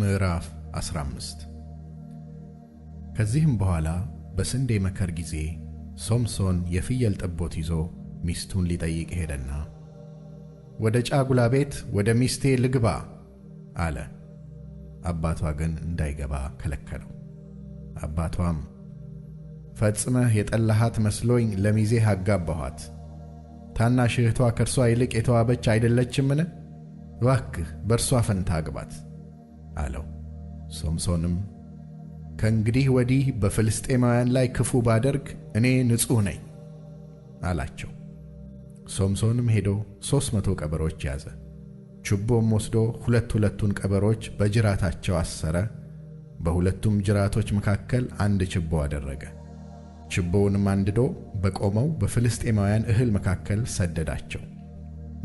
ምዕራፍ 15 ከዚህም በኋላ በስንዴ መከር ጊዜ ሶምሶን የፍየል ጠቦት ይዞ ሚስቱን ሊጠይቅ ሄደና ወደ ጫጉላ ቤት ወደ ሚስቴ ልግባ አለ። አባቷ ግን እንዳይገባ ከለከለው። አባቷም ፈጽመህ የጠላሃት መስሎኝ ለሚዜህ አጋባኋት፣ ታናሽ እህቷ ከእርሷ ይልቅ የተዋበች አይደለችምን? እባክህ በእርሷ ፈንታ አግባት አለው። ሶምሶንም ከእንግዲህ ወዲህ በፍልስጤማውያን ላይ ክፉ ባደርግ እኔ ንጹሕ ነኝ አላቸው። ሶምሶንም ሄዶ ሦስት መቶ ቀበሮች ያዘ። ችቦም ወስዶ ሁለት ሁለቱን ቀበሮች በጅራታቸው አሰረ። በሁለቱም ጅራቶች መካከል አንድ ችቦ አደረገ። ችቦውንም አንድዶ በቆመው በፍልስጤማውያን እህል መካከል ሰደዳቸው።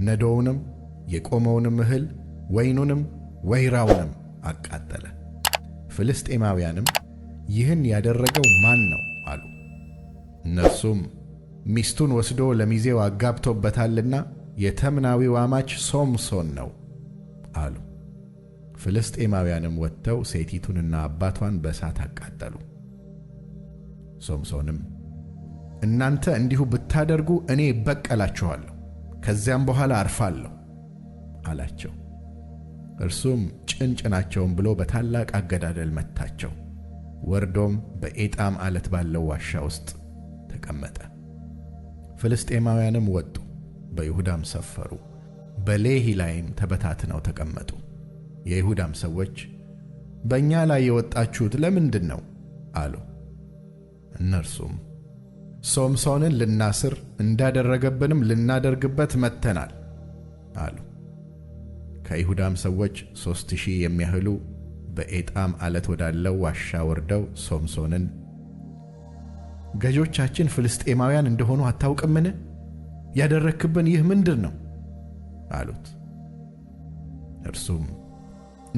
ነዶውንም የቆመውንም እህል ወይኑንም ወይራውንም አቃጠለ። ፍልስጤማውያንም ይህን ያደረገው ማን ነው አሉ። እነርሱም ሚስቱን ወስዶ ለሚዜው አጋብቶበታልና የተምናዊው አማች ሶምሶን ነው አሉ። ፍልስጤማውያንም ወጥተው ሴቲቱንና አባቷን በእሳት አቃጠሉ። ሶምሶንም እናንተ እንዲሁ ብታደርጉ እኔ እበቀላችኋለሁ፣ ከዚያም በኋላ አርፋለሁ አላቸው። እርሱም ጭንጭናቸውን ብሎ በታላቅ አገዳደል መታቸው። ወርዶም በኤጣም ዓለት ባለው ዋሻ ውስጥ ተቀመጠ። ፍልስጤማውያንም ወጡ፣ በይሁዳም ሰፈሩ፣ በሌሂ ላይም ተበታትነው ተቀመጡ። የይሁዳም ሰዎች በእኛ ላይ የወጣችሁት ለምንድን ነው አሉ። እነርሱም ሶምሶንን ልናስር እንዳደረገብንም ልናደርግበት መጥተናል አሉ። ከይሁዳም ሰዎች ሦስት ሺህ የሚያህሉ በኤጣም ዓለት ወዳለው ዋሻ ወርደው ሶምሶንን ገዦቻችን ፍልስጤማውያን እንደሆኑ አታውቅምን? ያደረክብን ይህ ምንድር ነው? አሉት። እርሱም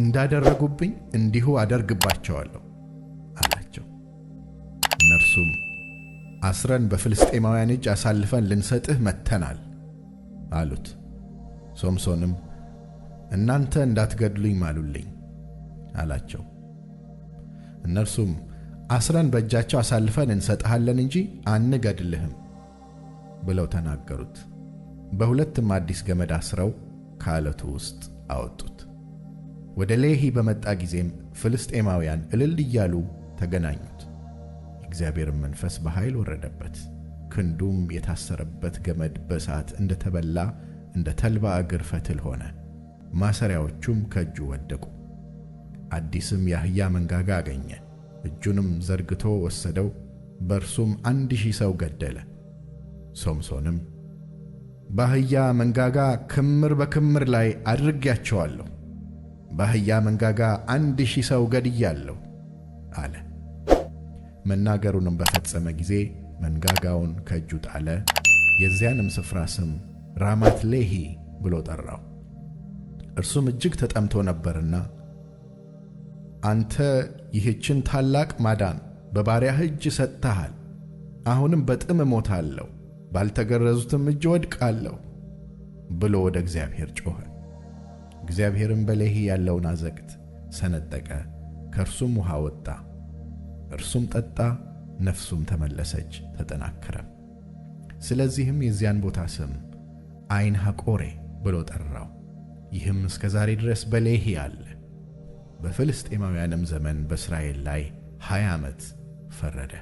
እንዳደረጉብኝ እንዲሁ አደርግባቸዋለሁ አላቸው። እነርሱም አስረን በፍልስጤማውያን እጅ አሳልፈን ልንሰጥህ መጥተናል አሉት። ሶምሶንም እናንተ እንዳትገድሉኝ ማሉልኝ አላቸው። እነርሱም አስረን በእጃቸው አሳልፈን እንሰጥሃለን እንጂ አንገድልህም ብለው ተናገሩት። በሁለትም አዲስ ገመድ አስረው ከዓለቱ ውስጥ አወጡት። ወደ ሌሂ በመጣ ጊዜም ፍልስጤማውያን እልል እያሉ ተገናኙት። የእግዚአብሔር መንፈስ በኃይል ወረደበት፣ ክንዱም የታሰረበት ገመድ በእሳት እንደተበላ እንደ ተልባ እግር ፈትል ሆነ። ማሰሪያዎቹም ከእጁ ወደቁ። አዲስም የአህያ መንጋጋ አገኘ፣ እጁንም ዘርግቶ ወሰደው፣ በእርሱም አንድ ሺህ ሰው ገደለ። ሶምሶንም በአህያ መንጋጋ ክምር በክምር ላይ አድርጌያቸዋለሁ፣ በአህያ መንጋጋ አንድ ሺህ ሰው ገድያለሁ አለ። መናገሩንም በፈጸመ ጊዜ መንጋጋውን ከእጁ ጣለ። የዚያንም ስፍራ ስም ራማት ሌሂ ብሎ ጠራው። እርሱም እጅግ ተጠምቶ ነበርና፣ አንተ ይህችን ታላቅ ማዳን በባሪያህ እጅ ሰጥተሃል፤ አሁንም በጥም እሞታለሁ፣ ባልተገረዙትም እጅ ወድቃለሁ ብሎ ወደ እግዚአብሔር ጮኸ። እግዚአብሔርም በሌሂ ያለውን አዘቅት ሰነጠቀ፣ ከእርሱም ውሃ ወጣ። እርሱም ጠጣ፣ ነፍሱም ተመለሰች፣ ተጠናከረም። ስለዚህም የዚያን ቦታ ስም ዓይን ሐቆሬ ብሎ ጠራው። ይህም እስከ ዛሬ ድረስ በሌሂ አለ። በፍልስጤማውያንም ዘመን በእስራኤል ላይ ሀያ ዓመት ፈረደ።